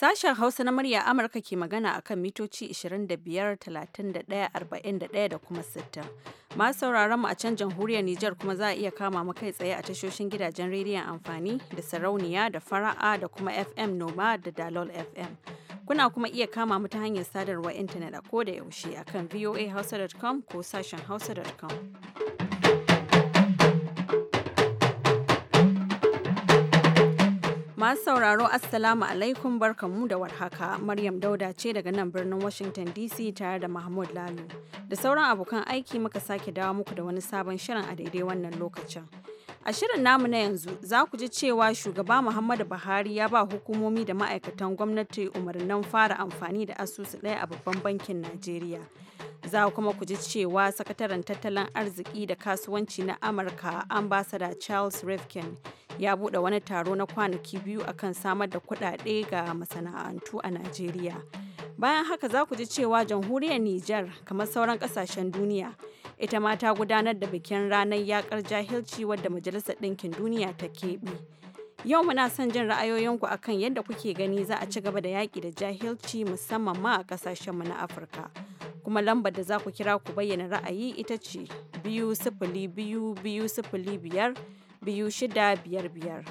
Sashen Hausa na murya Amurka ke magana akan mitoci 25, 31, 41 da kuma 60. Masu sauraron mu a can jamhuriyar Nijar kuma za a iya kama mu kai tsaye a tashoshin gidajen rediyon amfani da sarauniya da fara'a da kuma FM Noma da Dalol FM. Kuna kuma iya kama mu ta hanyar sadarwar intanet a ko da yaushe akan voahausa.com ko sashen hausa.com. Masu sauraro Assalamu alaikum barkanmu da warhaka. Maryam Dauda ce daga nan birnin Washington DC tare da Mahmud Lalo. Da sauran abokan aiki muka sake dawo muku da wani sabon shirin a daidai wannan lokacin. A shirin namu na yanzu za ku ji cewa shugaba Muhammadu Buhari ya ba hukumomi da ma'aikatan gwamnati umarnin fara amfani da asusu ɗaya a babban bankin Najeriya. za kuma ku ji cewa sakataren tattalin arziki da kasuwanci na amurka ambassador charles rifkin ya bude wani taro na kwanaki biyu akan samar da kudade ga masana'antu a najeriya bayan haka za ku ji cewa jamhuriyar niger kamar sauran kasashen duniya ita ma ta gudanar da bikin ranar yakar jahilci wadda majalisar ɗinkin duniya ta keɓe yau muna son jin ra'ayoyinku akan yadda kuke gani za a ci gaba da yaƙi da jahilci musamman ma a ƙasashenmu na afirka kuma lambar da za ku kira ku bayyana ra'ayi ita ce biyu sifili biyu biyu sifili biyar biyu shida biyar biyar.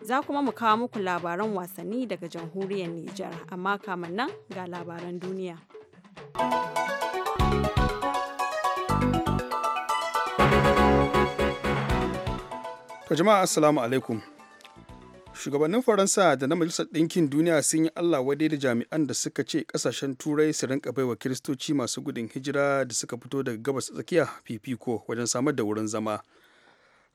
Za kuma mu kawo muku labaran wasanni daga jamhuriyar Nijar amma kamar nan ga labaran duniya. To jama'a assalamu alaikum. shugabannin faransa da na majalisar ɗinkin duniya sun yi allah wadai da jami'an da suka ce ƙasashen turai su rinka baiwa kiristoci masu gudun hijira da suka fito daga gabas tsakiya fifiko wajen samar da wurin zama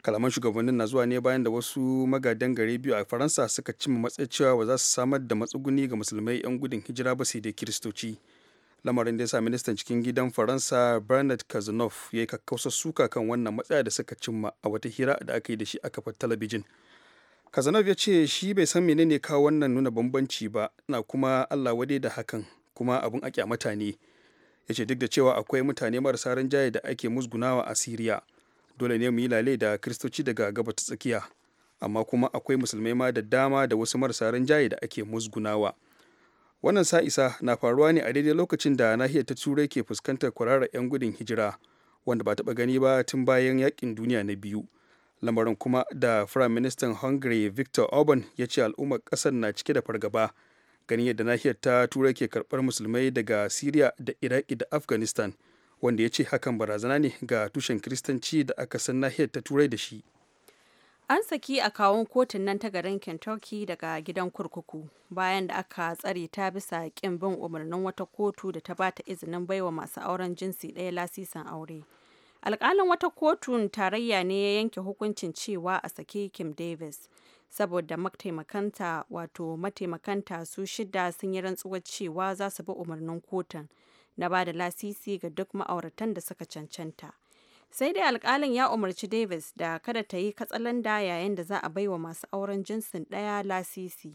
kalaman shugabannin na zuwa ne bayan da wasu magadan gare biyu a faransa suka cimma matsayi cewa ba za su samar da matsuguni ga musulmai 'yan gudun hijira ba sai dai kiristoci lamarin da ya sa ministan cikin gidan faransa bernard kazanov ya yi kakkausa suka kan wannan matsaya da suka cimma a wata hira da aka yi da shi a kafar talabijin kazanov ya ce shi bai san menene kawo wannan nuna bambanci ba na kuma allah wade da hakan kuma abun a mutane ne ya ce duk da cewa akwai mutane marasa rinjaye da ake musgunawa a siriya dole ne mu yi lale da kristoci daga gaba tsakiya amma kuma akwai musulmai ma da dama da wasu marasa rinjaye da ake musgunawa wannan sa isa na faruwa ne a daidai lokacin da nahiyar ta turai ke fuskantar kwararar 'yan gudun hijira wanda ba taɓa gani ba tun bayan yakin duniya na biyu lamarin kuma da firayim ministan hungary victor orban ya ce al'ummar kasar na cike da fargaba ganin yadda nahiyar ta turai ke karbar musulmai daga syria da iraki da afghanistan wanda ya ce hakan barazana ne ga tushen kiristanci da aka san nahiyar ta turai da shi an saki a kawon kotun nan ta garin kentucky daga gidan kurkuku bayan da aka tsare ta bisa kin bin umarnin wata kotu da ta bata izinin baiwa masu auren jinsi ɗaya lasisin aure alkalin wata kotun tarayya ne ya yanke hukuncin cewa a saki kim davis saboda mataimakanta wato mataimakanta su shida sun yi rantsuwar cewa za su bi umarnin kotun na ba da lasisi ga duk ma'auratan da suka cancanta sai dai alkalin ya umarci davis da kada ta yi katsalanda yayin da za a baiwa masu auren jinsin ɗaya lasisi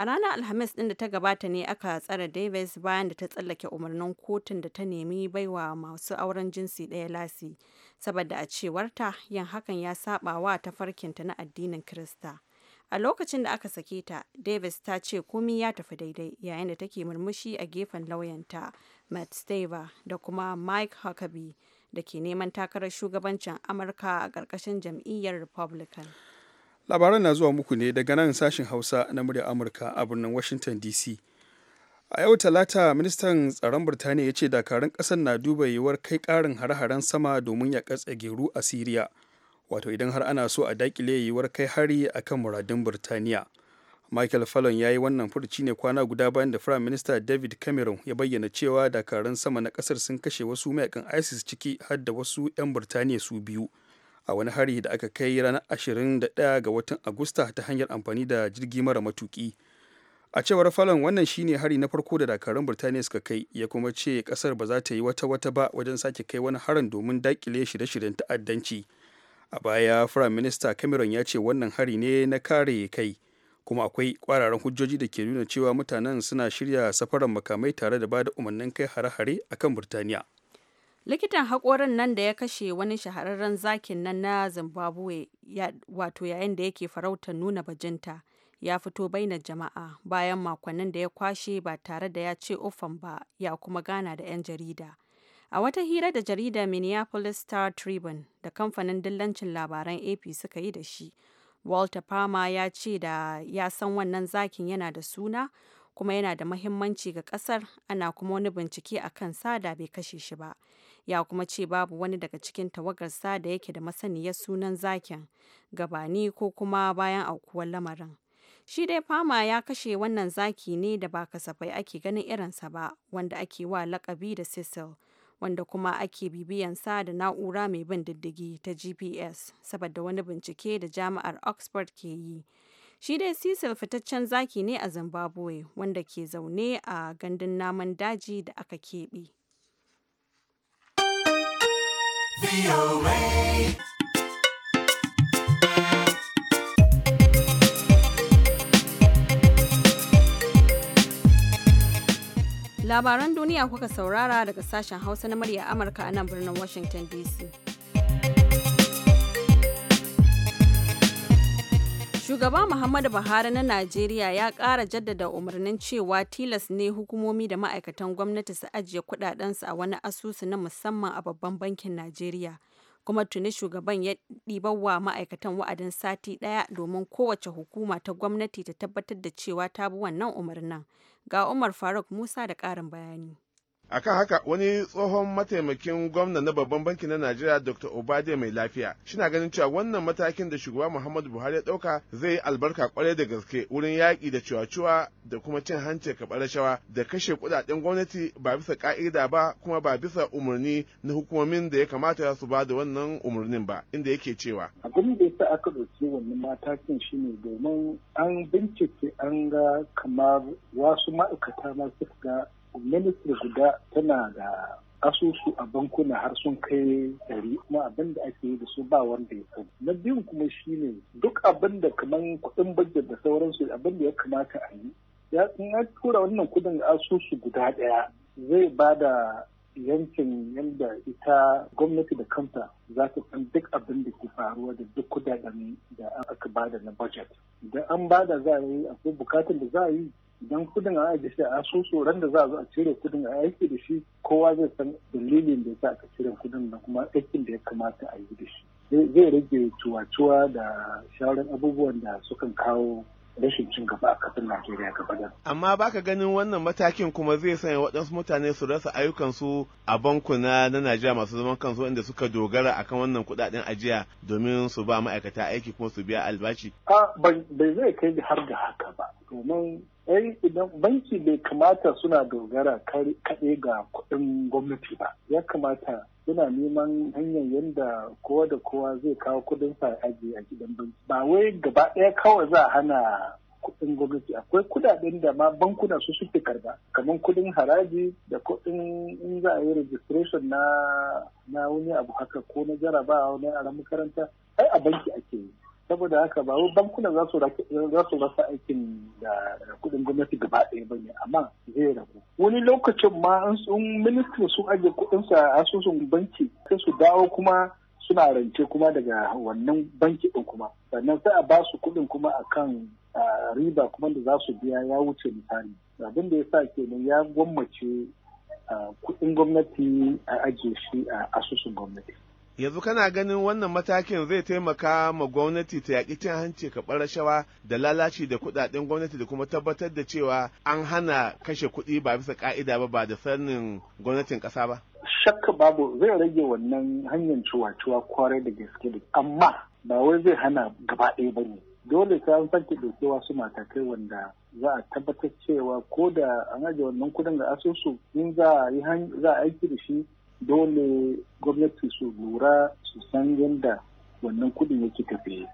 A ranar Alhamis ɗin da ta gabata ne aka tsare Davis bayan da ta tsallake umarnin kotun da ta nemi baiwa masu auren jinsi ɗaya lasi, saboda a cewarta yin hakan ya saba wa tafarkinta na addinin Kirista. A lokacin da aka sake ta, Davis ta ce komi ya tafi daidai yayin da take murmushi a gefen lauyanta Matt Staver da kuma Mike Huckabee da ke neman takarar shugabancin Amurka a ƙarƙashin jam'iyyar Republican. labaran na zuwa muku ne daga nan sashen hausa na murya amurka a birnin washington dc a yau talata ministan tsaron birtaniya ya ce dakarun kasar na duba yiwuwar kai karin hare-haren sama domin ya katse geru a siriya wato idan har ana so a dakile yiwuwar kai hari a kan muradun birtaniya michael fallon ya yi wannan furuci ne kwana guda bayan da prime minister david cameron ya bayyana cewa dakarun sama na kasar sun kashe wasu mayakan isis ciki har da wasu 'yan birtaniya su biyu a wani hari da aka kai ranar 21 ga watan agusta ta hanyar amfani da jirgi mara matuki a cewar falon wannan shi ne hari na farko da dakarun birtaniya suka kai ya kuma ce kasar ba za ta yi wata wata ba wajen sake kai wani harin domin dakile shirye-shiryen ta'addanci a baya firayim minista cameron ya ce wannan hari ne na kare kai kuma akwai kwararan hujjoji da ke nuna cewa mutanen suna shirya safarar makamai tare da ba da umarnin kai hare-hare akan birtaniya likitan haƙorin nan da ya kashe wani shahararren zakin nan na zimbabwe wato yayin da yake farautar nuna bajinta ya fito baina jama'a bayan makonnin da ya kwashe ba tare da ya ce ofan ba ya kuma gana da 'yan jarida a wata hira da jarida minneapolis star tribune da kamfanin dillancin labaran ap suka yi da shi walter palmer ya ce da ya san wannan zakin yana da suna kuma yana da mahimmanci ga kasar ana kuma wani bincike a kan sada bai kashe shi ba ya kuma ce babu wani daga cikin tawagarsa da yake da masaniyar sunan zakin gabani ko kuma bayan aukuwar lamarin shi dai fama ya kashe wannan zaki ne da ba kasafai ake ganin irinsa ba wanda ake wa lakabi da cecil wanda kuma ake bibiyansa da na'ura mai bin diddigi ta gps saboda wani bincike da jami'ar oxford ke yi Shi dai sisal fitaccen zaki ne a Zimbabwe wanda ke zaune a gandun namun daji da aka keɓe. Labaran duniya kuka saurara daga sashen Hausa na murya Amurka a nan birnin Washington DC. Shugaba Muhammadu Buhari na Najeriya ya ƙara jaddada umarnin cewa tilas ne hukumomi da ma'aikatan gwamnati su ajiye kudadensu a wani asusu na musamman a babban bankin Najeriya. Kuma tuni shugaban ya wa ma'aikatan wa'adin sati ɗaya domin kowace hukuma ta gwamnati ta tabbatar da cewa ta bi wannan umarnin. Ga Umar Faruk Musa da ƙarin bayani. akan haka wani tsohon mataimakin gwamna na babban banki na najeriya dr obade mai lafiya shina ganin cewa wannan matakin da shugaba muhammadu buhari ya dauka zai yi albarka kwarai da gaske wurin yaƙi da cuwa da kuma cin hanci ka rashawa da kashe kudaden gwamnati ba bisa ka'ida ba kuma ba bisa umarni na hukumomin da ya kamata su ba da wannan umarnin ba inda yake cewa abin da yasa aka ɗauki wannan matakin shine domin an bincike an ga kamar wasu ma'aikata ma suka ga ministry guda tana da asusu a bankuna har sun kai dari. kuma abin da ake yi da su ba wanda ya sani na biyun kuma shine duk abin da kamar kuɗin budget da sauransu abin da ya kamata a yi ya tura wannan kuɗin asusu guda ɗaya zai ba da yankin yadda ita gwamnati da kanta za ta san duk abin da ke faruwa da duk kudaden da aka bada na budget idan an bada za a yi akwai bukatun da za a yi idan kudin a da shi a asusu tsoron da za a zo a cire kudin a aiki da shi kowa zai san dalilin da yasa a cire kudin da kuma aikin da ya kamata a yi da shi zai rage cuwa-cuwa da shawarar abubuwan da sukan kawo rashin cin gaba a kasar Najeriya gaba da. Amma baka ganin wannan matakin kuma zai sanya waɗansu mutane su rasa ayyukansu a bankuna na Najeriya masu zaman kansu inda suka dogara akan wannan kuɗaɗen ajiya domin su ba ma'aikata aiki kuma su biya albashi. A bai zai kai har da haka ba domin idan banki bai kamata suna dogara kaɗai ga kuɗin gwamnati ba ya kamata suna neman hanyar yadda kowa da kowa zai kawo kudin sa ajiye a gidan banki ba wai gaba ɗaya kawai za a hana kuɗin gwamnati akwai kuɗaɗen da ma bankuna su suke karba kamar kuɗin haraji da kuɗin in za a yi registration na na wani abu haka ko na jarabawa na yaran makaranta ai a banki ake yi saboda haka ba bankuna za su rasa aikin da kudin gwamnati gaba ɗaya ba ne amma zai ragu wani lokacin ma an sun ministan sun ajiye kuɗinsu a asusun banki sai su dawo kuma suna rance kuma daga wannan banki ɗin kuma sannan sai a ba su kuɗin kuma a kan riba kuma da za su biya ya wuce misali abin da ya sa kenan ya gwammace kuɗin gwamnati a ajiye shi a asusun gwamnati yanzu kana ganin wannan matakin zai taimaka ma gwamnati ta yaƙi cin hanci karɓar rashawa da lalaci da kuɗaɗen gwamnati da kuma tabbatar da cewa an hana kashe kuɗi ba bisa ƙa'ida ba ba da sanin gwamnatin ƙasa ba? Shakka babu zai rage wannan hanyar cuwa-cuwa kwarai da gaske da amma ba wai zai hana gaba ɗaya ba ne. Dole sai an sake ɗauke wasu matakai wanda za a tabbatar cewa ko da an ajiye wannan kuɗin ga asusu in za a yi aiki da shi dole gwamnati su lura su san yadda wannan kudin yake tafe.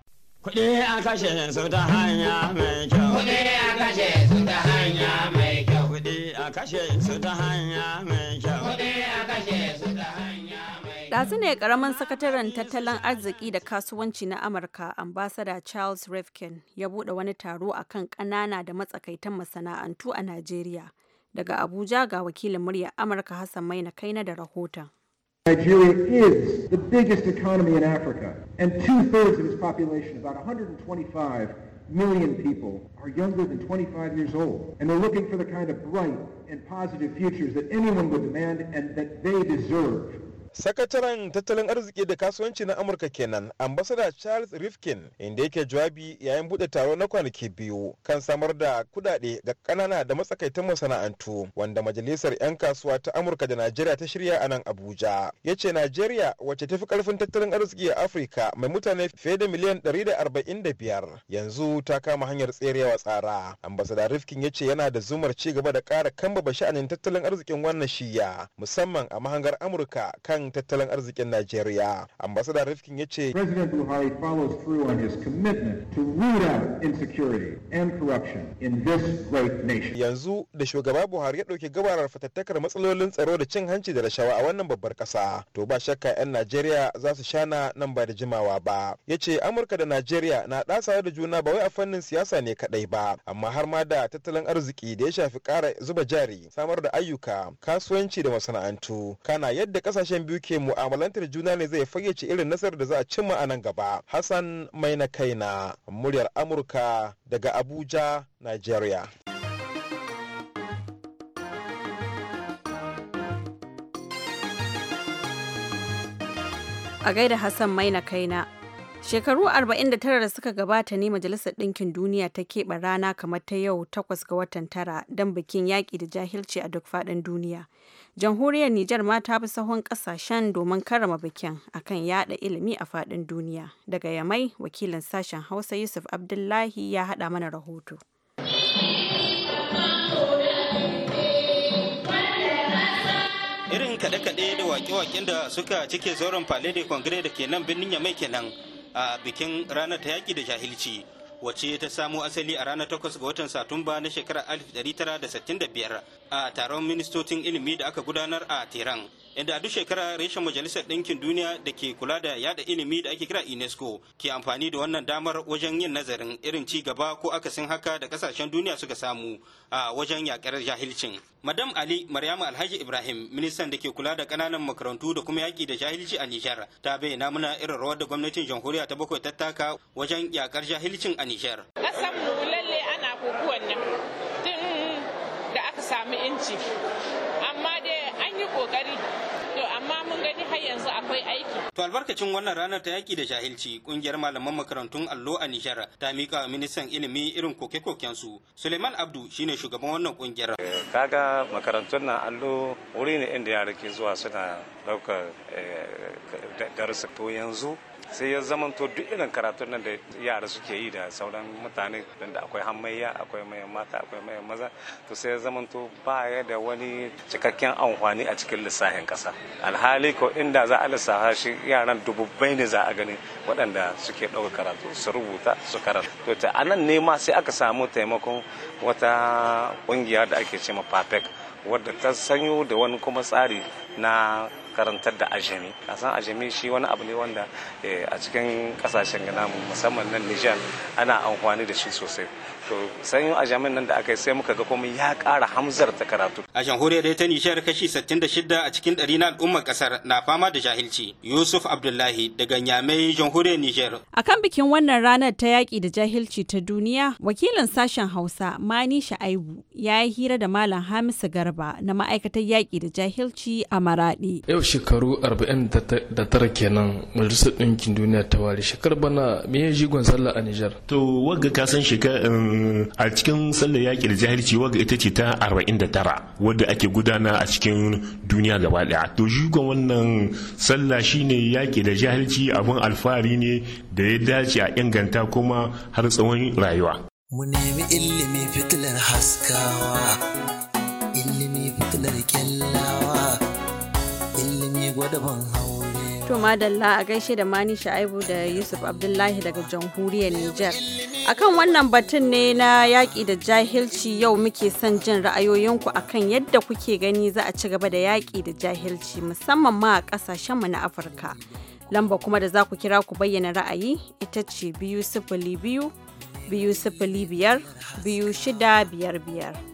Kuɗi a kashe su ta hanya mai kyau. Kuɗi a kashe su ta hanya mai kyau. Kuɗi a kashe su ta hanya mai kyau. Kuɗi a kashe su ta hanya mai kyau. Ɗazu ne ƙaramin sakataren tattalin arziki da kasuwanci na Amurka, ambasada Charles Rifkin, ya buɗe wani taro akan ƙanana da matsakaitan masana'antu a Najeriya. Daga Abuja ga wakilin Amurka Hassan Maina Kaina da rahoton. Nigeria is the biggest economy in Africa, and two-thirds of its population, about 125 million people, are younger than 25 years old. And they're looking for the kind of bright and positive futures that anyone would demand and that they deserve. sakataren tattalin arziki da kasuwanci na amurka kenan ambasada charles rifkin inda yake jawabi yayin bude taro na kwanaki biyu kan samar da kudade ga kanana da matsakaitan masana'antu wanda majalisar 'yan kasuwa ta amurka da najeriya ta shirya a nan abuja ya ce najeriya wacce tafi fi karfin tattalin arziki a afirka mai mutane fiye da miliyan biyar, yanzu ta kama hanyar tserewa tsara ambasada rifkin ya ce yana da zumar ci gaba da kara kambaba sha'anin tattalin arzikin wannan shiya musamman a mahangar amurka kan kan tattalin arzikin Najeriya. Ambassador Rifkin ya ce, President Buhari follows through on his commitment to root out insecurity and corruption in this great nation. Yanzu da shugaba Buhari ya ɗauki gabarar fatattakar matsalolin tsaro da cin hanci da rashawa a wannan babbar ƙasa. To ba shakka 'yan Najeriya za su shana nan ba da jimawa ba. Ya ce Amurka da Najeriya na ɗasawa da juna ba wai a fannin siyasa ne kaɗai ba, amma har ma da tattalin arziki da ya shafi ƙara zuba jari, samar da ayyuka, kasuwanci da masana'antu. Kana yadda ƙasashen biyu biyu mu'amalantar juna ne zai fayyace irin nasarar da za a cimma a nan gaba hassan mai na kaina muryar amurka daga abuja nigeria a gaida Hassan Maina kaina. Shekaru 49 da suka gabata ne Majalisar Ɗinkin Duniya ta keɓe rana kamar ta yau 8 ga watan tara don bikin yaƙi da jahilci a duk faɗin duniya. Jamhuriyar Nijar ma ta bi sahun kasashen domin karrama bikin akan yada ilimi a fadin duniya. Daga Yamai, wakilin sashen Hausa Yusuf Abdullahi ya hada mana rahoto. Irin kaɗe-kaɗe da wake-waken da suka cike zauren Palais de da ke nan birnin Yamai kenan a bikin ranar ta yaƙi da jahilci. wacce ta samo asali a ranar takwas ga watan Satumba na shekarar 1965 a taron ministocin ilimi da aka gudanar a Tehran. inda duk shekara reshen majalisar ɗinkin duniya da ke kula da yada ilimi da ake kira unesco ke amfani da wannan damar wajen yin nazarin irin ci gaba ko akasin haka da kasashen duniya suka samu a wajen yakar jahilcin madam ali maryamu alhaji ibrahim ministan da ke kula da kananan makarantu da kuma yaki da jahilci a nijar ta bayyana mana irin rawar da gwamnatin jamhuriya ta bakwai tattaka wajen yakar jahilcin a nijar ana kokuwan nan da aka sami inci kokari to amma mun gani har yanzu akwai aiki to albarkacin wannan ranar ta yaki da jahilci ƙungiyar malaman makarantun allo a Nijar ta mika ministan ilimi irin koke-koken su Suleiman Abdu shine shugaban wannan kungiyar eh, kaga makarantun na allo wuri ne inda yara ke zuwa suna daukar eh, darussa to yanzu sai ya zamanto duk irin karatun nan da yara suke yi da sauran mutane da akwai hamayya akwai mayan mata akwai mayan maza to sai ya ba ya da wani cikakken amfani a cikin lissafin kasa alhali ko inda za a lissafa shi yaran dububbai ne za a gani waɗanda suke ɗauka karatu su rubuta su karatu to ta anan ne ma sai aka samu taimakon wata ƙungiya da ake cema ma wadda ta sanyo da wani kuma tsari na karantar da ajami kasan ajami shi wani abu ne wanda eh, a cikin kasashen mu musamman nan nijar ana amfani da shi sosai to a nan da aka yi sai muka ga komai ya ƙara ta karatu a jamhuriyar ta nishiyar kashi 66 a cikin ɗari na al'ummar ƙasar na fama da jahilci yusuf abdullahi daga nyamai jamhuriyar nijar kan bikin wannan ranar ta yaƙi da jahilci ta duniya wakilin sashen hausa mani sha'aibu ya yi hira da malam hamisu garba na ma'aikatar yaƙi da jahilci a maraɗi yau shekaru 49 kenan majalisar ɗinkin duniya ta ware shekarar bana me jigon sallah a nijar to wagga ka san shekaru um, a cikin sallar yaƙi da jahilci wadda ita ce ta tara wadda ake gudana a cikin duniya gaba daya to shugon wannan sallah shine yaƙi da jahilci abin alfahari ne da ya dace a inganta kuma har tsawon rayuwa mu nemi ilimi fitilar haskawa ilimi fitilar kyallawa ilimi gwada ban hau To madalla a gaishe da Mani Sha'ibu da Yusuf Abdullahi daga jamhuriyar Nijar. Akan wannan batun ne na yaƙi da jahilci yau muke son jin ra'ayoyinku akan yadda kuke gani za a ci gaba da yaƙi da jahilci musamman ma a ƙasashenmu na Afirka. Lamba kuma da za ku kira ku bayyana ra'ayi ita ce biyu sifili biyu biyu sifili biyar biyu shida biyar biyar.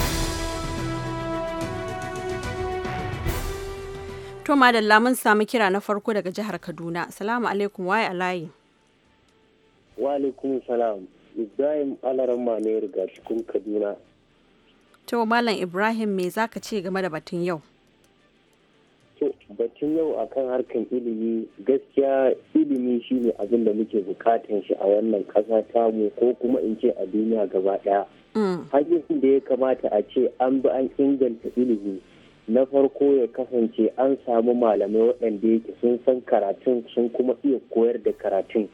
To madalla mun samu kira na farko daga jihar Kaduna. Salamu alaikum waye alayi. Wa alaikum salam. Ibrahim Alaramma ne riga cikin Kaduna. To Malam Ibrahim me zaka ce game da batun yau? To batun yau akan harkan ilimi gaskiya ilimi shine abin da muke bukatan shi a wannan kasa tamu ko kuma in ce a duniya gaba daya. Mm. Hanyoyin da ya kamata a ce an bi an inganta ilimi na farko ya kasance an samu malamai waɗanda yake sun san karatun sun kuma iya koyar da karatun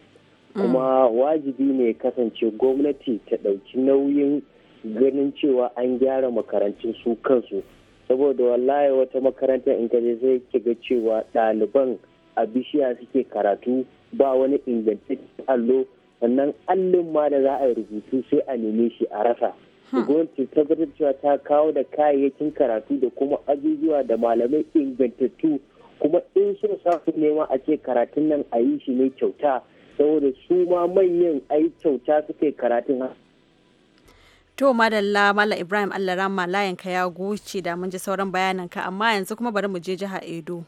kuma wajibi ne ya kasance gwamnati ta ɗauki nauyin ganin cewa an gyara makarantun su kansu saboda wallahi wata makarantar in ka zai sai ga cewa ɗaliban a bishiya suke karatu ba wani ingantaccen allo sannan allin ma da za a yi rubutu sai a neme shi a rasa gwamnati ta cewa ta kawo da kayayyakin karatu da kuma ajujuwa da malamai ingantattu kuma in sun samu nema a ce karatun nan a yi shi ne kyauta saboda su ma manyan yi kyauta suke karatun To madalla Mala Ibrahim Allah rama ka ya goce da mun ji sauran ka amma yanzu kuma bari mu je jihar Edo.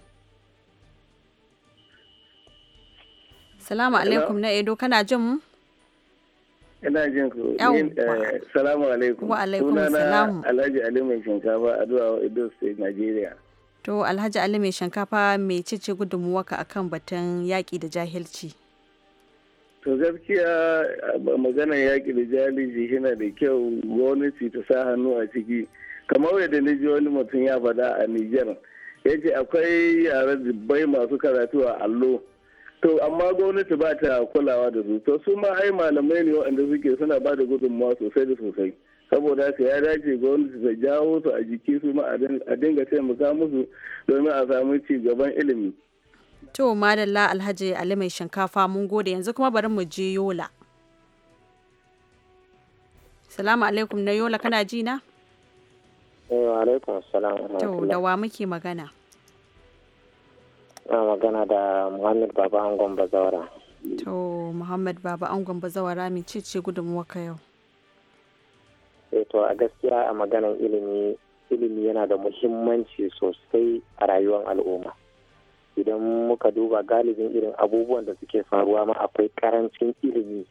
Salamu alaikum na Edo kana jin mu? Ina jin ku. Eh, salamu alaikum. Wa alaikum salam. Alhaji Ali mai shinkafa Adua Edo State Nigeria. To Alhaji Ali mai shinkafa mai cece gudunmuwaka akan batun yaƙi da jahilci. To gaskiya maganar yaƙi da jahilci yana da kyau gwamnati ta sa hannu a ciki. Kamar yadda na ji wani mutum ya faɗa a Nijar. Ya ce akwai yara dubbai masu karatu a allo. To amma gwamnati ba ta kulawa da su. To su ma ai malamai ne waɗanda suke suna ba da gudunmawa sosai da sosai. Saboda haka ya dace gwamnati ta jawo su a jiki su ma a dinga taimaka musu domin a samu ci gaban ilimi. To madalla Alhaji Ali mai shinkafa mun gode yanzu kuma bari mu je Yola. Salamu alaikum na Yola kana ji na? Eh, alaikum salam. To da wa muke magana? Ina magana da Muhammad Baba Angon Bazawara. To Muhammad Baba Angon Bazawara mai ce ce gudunmuwa ka yau. Eh to a gaskiya a maganan ilimi ilimi yana da muhimmanci sosai a rayuwar al'umma. Idan muka duba galibin irin abubuwan da suke faruwa ma akwai karancin ilimi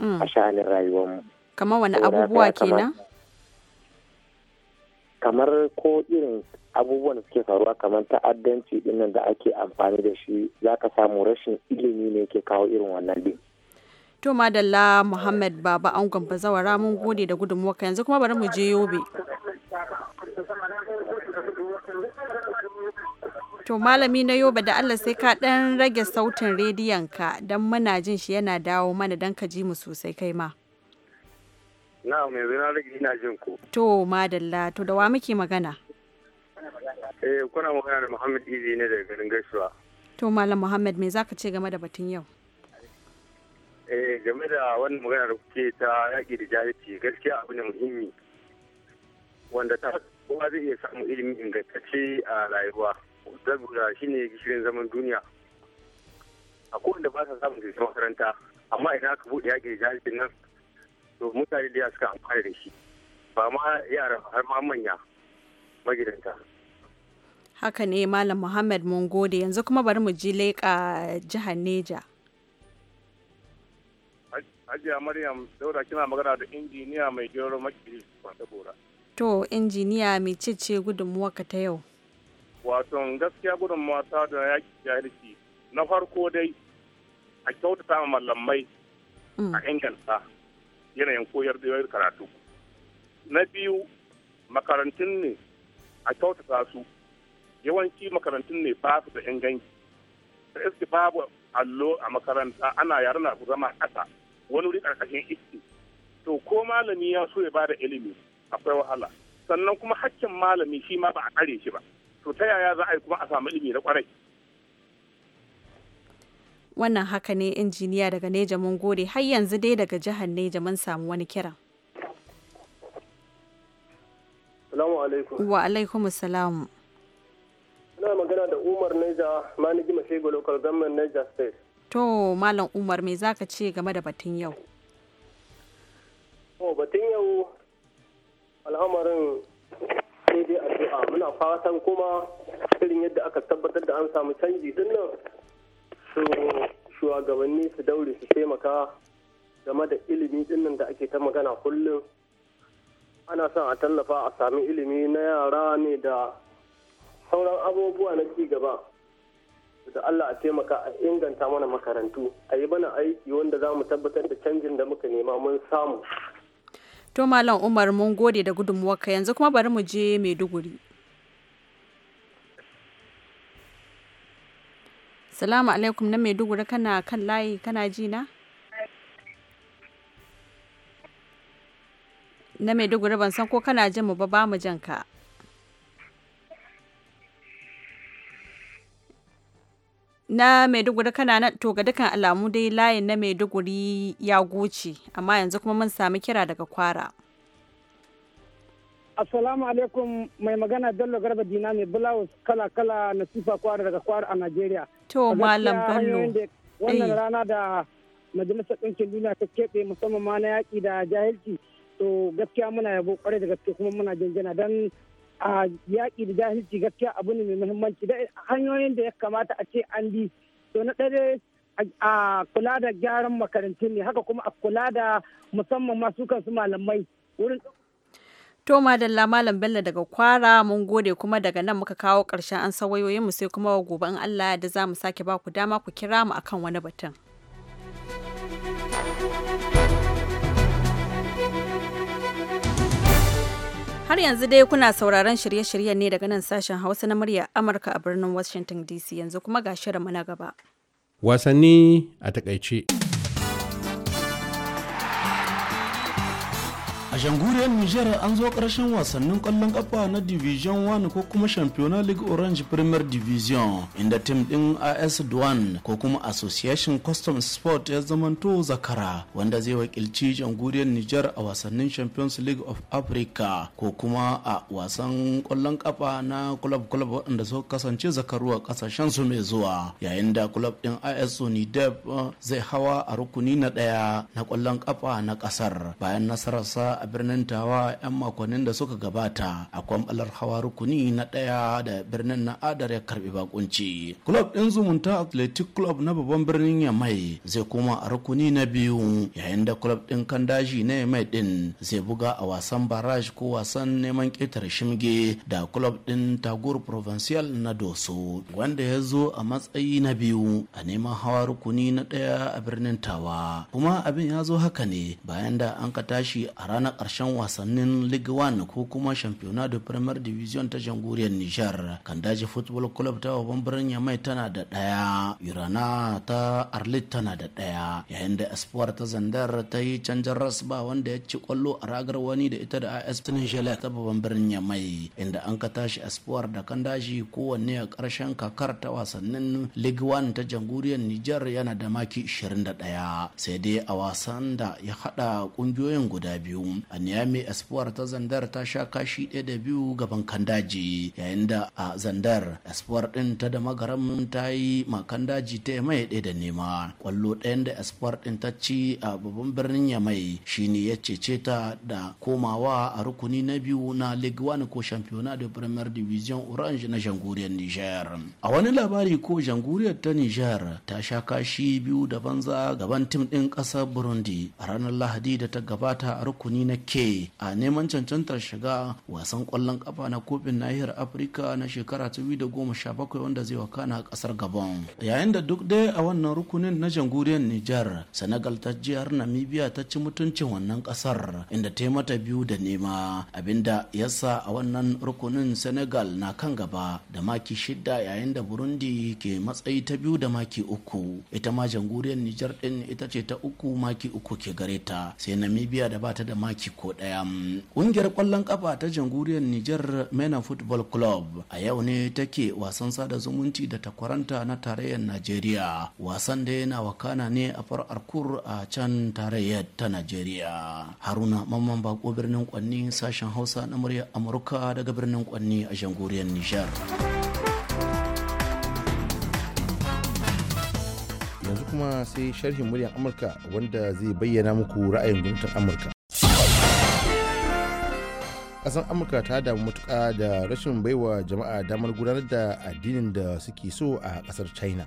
mm. a sha'anin rayuwarmu. Kamar wani abubuwa kenan? Kamar ko irin abubuwan da suke faruwa kamar ta'addanci dinnan da ake amfani da shi za ka samu rashin ilimi ne yake kawo irin wannan din. To Madalla Muhammad Baba an Angon zawara mun gode da ka yanzu kuma bari mu je Yobe. To malami na Yobe da Allah sai ka ɗan rage sautin rediyon ka don muna jin shi yana dawo mana don ka ji mu sosai kai ma. Na'am yanzu na rage ina jin ku. To madalla to da wa muke magana? Eh kuna magana da Muhammad Izi ne daga garin Gaisuwa. To Malam Muhammad me zaka ce game da batun yau? Eh game da wannan magana da kuke ta yaki da jahilci gaskiya abu ne muhimmi wanda ta kowa zai iya samu ilimi ingantacce a rayuwa. Zabura shine gishirin zaman duniya. A kowanne ba sa samun zai makaranta amma idan aka buɗe yaki da jahilcin nan to mutane da suka amfana da shi ba ma yara har ma manya magidanta. Haka ne Malam Muhammad mun gode yanzu kuma bari mu ji leƙa jihar Neja. Hajiya Maryam Daura kina magana da injiniya mai gero makiri kwanta gora. To injiniya mai cece ka ta yau. Wato gaskiya gudunmuwa ta da yaƙi jahilci na farko dai a kyautata ma mallamai mm. a inganta yanayin koyar da karatu. Na biyu makarantun ne a kyautata su yawanci makarantun ne ba su da inganci da iske babu allo a makaranta ana yare na zama ƙasa wani wuri ƙarƙashin iske to ko malami ya so ya ba da ilimi akwai wahala sannan kuma hakkin malami shi ma ba a kare shi ba to ta yaya za a yi kuma a samu ilimi na kwarai wannan haka ne injiniya daga neja mun gode har yanzu dai daga jihar neja mun samu wani kiran wa alaikum salamu na magana da Umar Neja Maniji Mashego Local Government Niger State. To Malam Umar me zaka ce game da batun yau? To batun yau al'amarin sai dai addu'a muna fatan kuma irin yadda aka tabbatar da an samu canji din nan su shugabanni su daure su taimaka game da ilimi dinnan da ake ta magana kullum ana son a tallafa a sami ilimi na yara ne da sauran abubuwa na ci gaba da Allah a taimaka a inganta mana makarantu a yi mana aiki wanda za mu tabbatar da canjin da muka nema mun samu to malam umar mun gode da gudunmuwarka yanzu kuma bari mu je maiduguri salamu alaikum na maiduguri kana kan layi kana ji na na maiduguri ban san ko kana jin mu ba ba mu jan ka na maiduguri kana nan to ga dukkan alamu dai layin na maiduguri ya goce amma yanzu kuma mun sami kira daga kwara assalamu alaikum mai magana bello garba dina mai bulawus kala kala na sifa kwara daga kwara a nigeria to malam bello wannan eh. rana da majalisar ɗinkin duniya ta keɓe musamman ma na yaƙi da jahilci to gaskiya muna yabo kwarai da gaske kuma muna jinjina don a yaƙi da jahilci gaskiya abu ne mai muhimmanci da hanyoyin da ya kamata a ce an bi to na ɗaya a kula da gyaran makarantu ne haka kuma a kula da musamman masu kansu malamai wurin To Madalla Malam Bello daga Kwara mun gode kuma daga nan muka kawo ƙarshen an mu sai kuma gobe in Allah da za mu sake ba ku dama ku kira mu akan wani batun. Har yanzu dai kuna sauraron shirye-shiryen ne daga nan sashen Hausa na murya Amurka a birnin Washington DC yanzu kuma ga shirin na gaba. Wasanni a takaice. a shanguriyar Niger, an zo ƙarshen wasannin ƙwallon ƙafa na division 1 ko kuma champion league orange premier division inda tim ɗin as duwan ko kuma association custom sport ya zamanto zakara wanda zai wakilci jamhuriyar Niger a wasannin champions league of africa ko kuma a wasan ƙwallon ƙafa na club club waɗanda suka kasance zakaruwa ƙasashen su mai zuwa yayin da club ɗin as eh, zai hawa a rukuni na ɗaya na ƙwallon ƙafa na ƙasar bayan nasararsa a birnin tawa 'yan makonnin da suka gabata a kwambalar hawa rukuni na ɗaya da birnin na adar ya karbi bakunci club ɗin zumunta athletic club na babban birnin mai. zai koma a rukuni na biyu yayin da club ɗin kandaji na ya mai ɗin zai buga a wasan baraj ko wasan neman ƙetare shimge da club ɗin tagur provincial na doso wanda ya zo a matsayi na biyu a neman hawa rukuni na ɗaya a birnin tawa kuma abin ya zo haka ne bayan da an ka tashi a ranar karshen wasannin league one ko kuma Championnat de Premier Division ta jamhuriyar Nijar. Kandaji Football Club ta babban birnin Yamai tana da ɗaya, Urana ta Arlit tana da ɗaya, yayin da Espoir ta Zandar ta yi canjar rasba wanda ya ci kwallo a ragar wani da ita da AS Tunisia ta babban birnin Yamai, inda an ka tashi Espoir da Kandaji kowanne a karshen kakar ta wasannin league one ta jamhuriyar Nijar yana da maki 21 sai dai a wasan da ya hada kungiyoyin guda biyu a niyame espoir ta zandar ta sha kashi ɗaya da biyu gaban kandaji yayin da a zandar espoir ɗin ta da magaram ta yi daji ta yamai ɗaya da nema kwallo ɗayan da espoir ɗin ta ci a babban birnin yamai shine ya cece ta da komawa a rukuni na biyu na ligue 1 ko championnat de premier division orange na janguriyar niger a wani labari ko janguriyar ta niger ta sha kashi biyu da banza gaban tim ɗin ƙasar burundi a ranar lahadi da ta gabata a rukuni na ke a neman cancantar shiga wasan kwallon kafa na kofin nahiyar afirka na shekara 2017 wanda zai wakana a kasar gabon yayin da duk dai a wannan rukunin na jamhuriyar nijar senegal ta jihar namibia ta ci mutuncin wannan kasar inda ta mata biyu da nema abinda yasa a wannan rukunin senegal na kan gaba da maki shida yayin da burundi ke matsayi ta biyu da maki uku ita ma jamhuriyar nijar din ita ce ta uku maki uku ke gare ta sai namibia da bata da maki aiki ko ɗaya. Ƙungiyar ƙwallon ƙafa ta jamhuriyar Nijar Mena Football Club a yau ne take wasan sada zumunci da takwaranta na tarayyar Najeriya. Wasan da yana wakana ne a far'ar kur a can tarayyar ta Najeriya. Haruna Mamman Bako birnin Kwanni sashen Hausa na murya Amurka daga birnin ƙwanni a jamhuriyar Nijar. yanzu kuma sai sharhin muryar amurka wanda zai bayyana muku ra'ayin gwamnatin amurka ƙasar amurka ta damu matuƙa da rashin baiwa jama'a damar gudanar da addinin da suke so a kasar china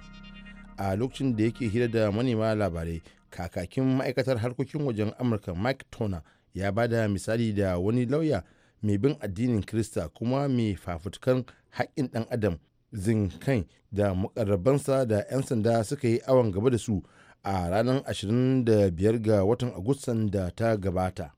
a lokacin da yake hira da manema labarai kakakin ma'aikatar harkokin wajen amurka mike toner ya ba da misali da wani lauya mai bin addinin krista kuma mai fafutukan haƙƙin ɗan adam zinkai da mukarrabansa da 'yan sanda suka yi awon gaba da su a ranar 25 ga watan agustan da ta gabata.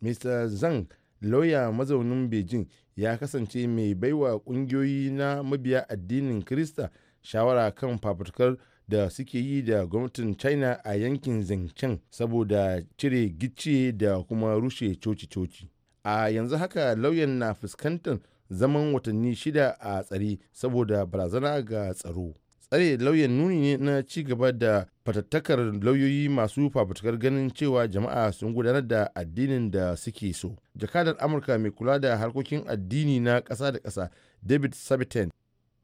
Mr. Zhang lauya mazaunin beijing ya kasance mai baiwa kungiyoyi na mabiya addinin krista shawara kan fafutukar da suke yi da gwamnatin china a yankin zancen saboda cire gicciye da kuma rushe coci-coci a yanzu haka lauyan na fuskantar zaman watanni shida a tsari saboda barazana ga tsaro tsare lauyan nuni ne na ci gaba da fatattakar lauyoyi masu fafutukar ganin cewa jama'a sun gudanar da addinin da suke so jakadar amurka mai kula da harkokin addini na ƙasa da ƙasa david sabitan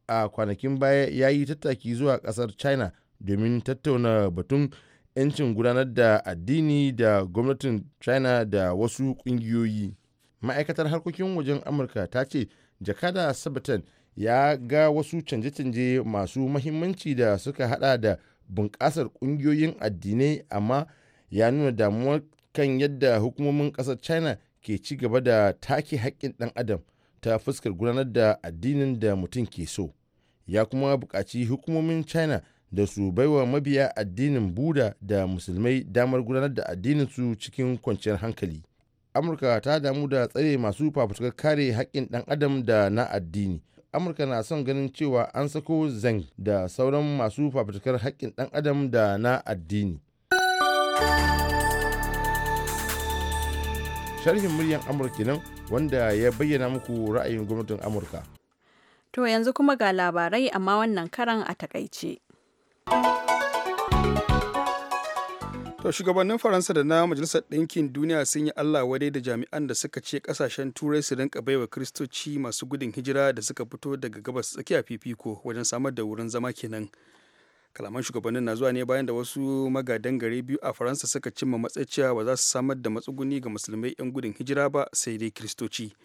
a kwanakin baya ya yi tattaki zuwa ƙasar china domin tattauna batun 'yancin gudanar da addini da gwamnatin china da wasu ƙungiyoyi ma'aikatar harkokin wajen amurka ta ce jakada sabitan ya ga wasu canje-canje masu mahimmanci da suka hada da bunƙasar ƙungiyoyin addinai amma ya nuna damuwar kan yadda hukumomin ƙasar china ke ci gaba da take haƙƙin ɗan adam ta fuskar gudanar da addinin da mutum ke so ya kuma buƙaci hukumomin china da su baiwa mabiya addinin buda da musulmai damar gudanar da addininsu cikin kwanciyar hankali amurka ta damu da tsare masu fafutukar kare haƙƙin ɗan adam da na addini amurka na son ganin cewa an sako zeng da sauran masu fafutukar haƙƙin ɗan adam da na addini sharhin muryan amurka nan wanda ya bayyana muku ra'ayin gwamnatin amurka to yanzu kuma ga labarai amma wannan karan a takaice. To shugabannin Faransa da na Majalisar Ɗinkin Duniya sun yi Allah wadai da jami'an da suka ce kasashen Turai su rinka baiwa Kiristoci masu gudun hijira da suka fito daga gabas tsakiya fifiko wajen samar da wurin zama kenan. Kalaman shugabannin na zuwa ne bayan da wasu magadan gare biyu a Faransa suka cimma matsayi cewa ba za su samar da matsuguni ga musulmai 'yan gudun hijira ba sai dai Kiristoci.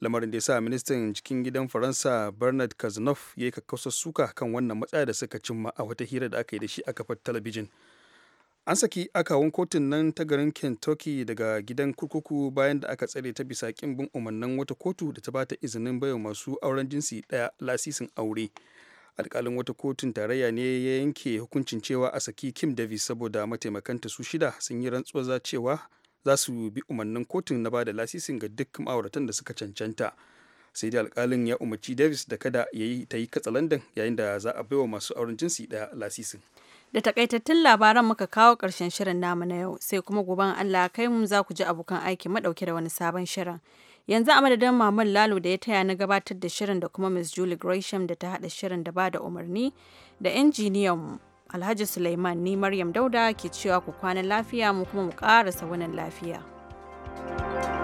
Lamarin da ya sa ministan cikin gidan Faransa Bernard Cazeneuve ya yi kakkausar suka kan wannan matsaya da suka cimma a wata hira da aka yi da shi a kafar talabijin. an saki akawun kotun nan ta garin kentucky daga gidan kurkuku bayan da aka tsare ta bisa kin bin umarnin wata kotu da ta ba ta izinin baiwa masu auren jinsi daya lasisin aure alkalin wata kotun tarayya ne ya yanke hukuncin cewa a saki kim davis saboda mataimakanta su shida sun yi rantsuwa cewa za su bi umarnin kotun na bada lasisin ga duk ma'auratan da suka cancanta sai dai alkalin ya umarci davis da kada ya yi ta yi katsalandan yayin da za a baiwa masu auren jinsi daya lasisin Da takaitattun labaran muka kawo ƙarshen shirin namu na yau sai kuma goban Allah kai mu za ku ji abokan aiki madauke da wani sabon shirin. Yanzu a madadin mamman Lalo da ya taya na gabatar da shirin da kuma Miss Julie Gresham da ta hada shirin da ba da umarni da injiniyan Alhaji Suleiman ni Maryam Dauda ke cewa ku kwana lafiya mu kuma mu ƙarasa wannan lafiya. thank you